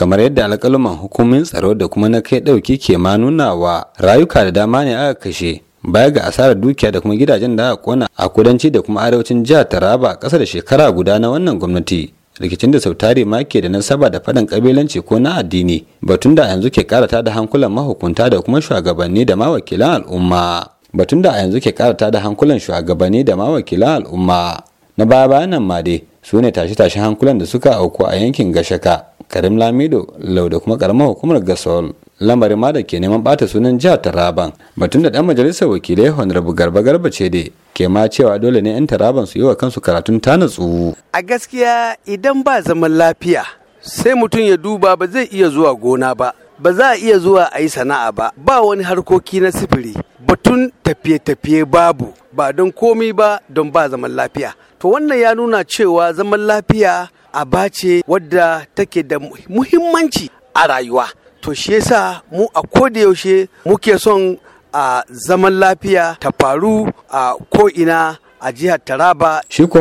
kamar yadda alƙaluman hukumin tsaro da kuma na kai ɗauki ke ma nunawa rayuka da dama ne aka kashe baya ga asarar dukiya da kuma gidajen da aka kona a kudanci da kuma arewacin jihar taraba ƙasa da shekara guda na wannan gwamnati rikicin da sautari ma ke da nasaba da faɗin ƙabilanci ko na addini batun da yanzu ke karata da hankulan mahukunta da kuma shugabanni da mawakilan al'umma batun da yanzu ke karata da hankulan shugabanni da mawakilan al'umma na baya bayan nan ma dai su ne tashe-tashen hankulan da suka auku a yankin gashaka karim lamido lau da kuma karamar hukumar gasol lamarin ma da ke neman bata sunan jihar taraban batun da dan majalisar wakilai honorable garba garba ce dai ke ma cewa dole ne yan taraban su yi wa kansu karatun ta natsu a gaskiya idan ba zaman lafiya sai mutum ya duba ba zai iya zuwa gona ba ba za a iya zuwa a yi sana'a ba ba wani harkoki na sifiri batun tafiye-tafiye babu ba don komi ba don ba zaman lafiya to wannan ya nuna cewa zaman lafiya a ce wadda take da muhimmanci a rayuwa to shi yasa mu a yaushe muke son a zaman lafiya ta faru a ko'ina a jihar taraba shi ko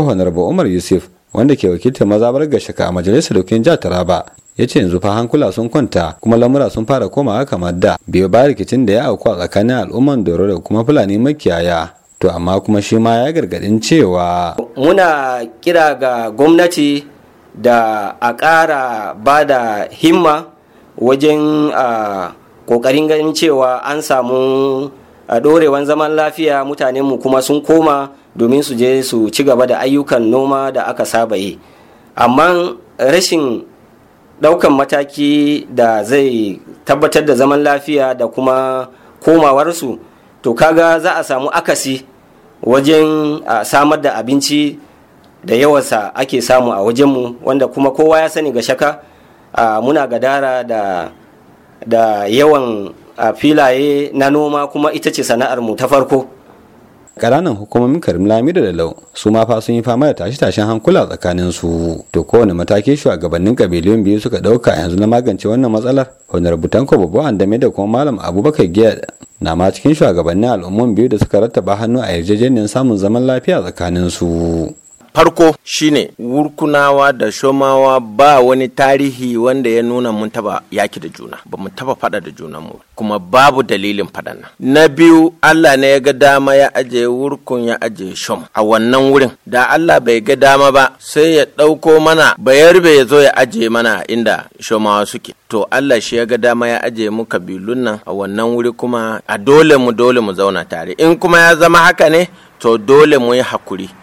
umar yusuf wanda ke wakiltar mazabar gashaka a majalisar dokin jihar taraba ya ce yanzu fa hankula sun kwanta kuma lamura sun fara komawa kamar da biyo ba rikicin da ya auku a tsakanin al'umman doro da kuma fulani makiyaya to amma kuma shi ma ya gargadin cewa muna kira ga gwamnati da a ƙara ba da himma wajen ƙoƙarin ganin cewa an samu a ɗorewan zaman lafiya mutanenmu kuma sun koma domin su je su ci gaba da ayyukan noma da aka saba yi amma rashin Daukan mataki da zai tabbatar da zaman lafiya da kuma komawarsu to kaga za a samu akasi wajen a samar da abinci da yawansa ake samu a wajenmu wanda kuma kowa ya sani ga shaka muna gadara da, da yawan filaye na noma kuma ita ce sana'armu ta farko ƙananan hukumomin karim lamido da lau su ma fa sun yi fama da tashe-tashen hankula tsakanin su to kowane mataki shugabannin kabilun biyu suka ɗauka yanzu na magance wannan matsalar honorable tanko babu andame da kuma malam abubakar giya na ma cikin shugabannin al'umman biyu da suka rattaba hannu a yarjejeniyar samun zaman lafiya tsakanin su farko shine wurkunawa da shomawa ba wani tarihi wanda ya nuna mun taba yaki da juna ba mu taba fada da juna mu kuma babu dalilin fadan nan na biyu Allah ne ya ga dama ya aje wurkun ya aje shom a wannan wurin da Allah bai ga dama ba sai ya ɗauko mana bayar ya zo ya aje mana inda shomawa suke to Allah shi ya ga dama ya aje mu kabilun nan a wannan wuri kuma a dole mu dole mu zauna tare in kuma ya zama haka ne to dole mu yi hakuri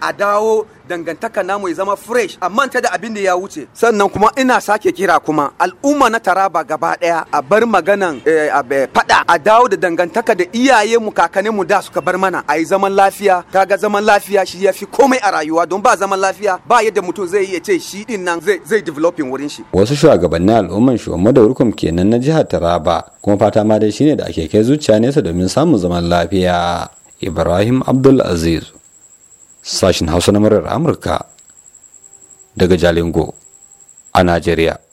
a dawo dangantaka namu ya zama fresh a manta da abin da ya wuce sannan kuma ina sake kira kuma al'umma na taraba gaba daya a bar maganan eh, eh, fada a dawo da dangantaka da iyaye mu kakane mu da suka bar mana a yi zaman lafiya kaga zaman lafiya shi ya fi komai a rayuwa don ba zaman lafiya ba yadda mutum zai iya ce shi din nan zai developing wurin shi wasu shugabannin al'umman shi da rukum kenan na jihar taraba kuma fata ma dai shine da ake kai zuciya nesa domin samun zaman lafiya ibrahim abdul aziz Sashen hausa na murar amurka daga jalingo a najeriya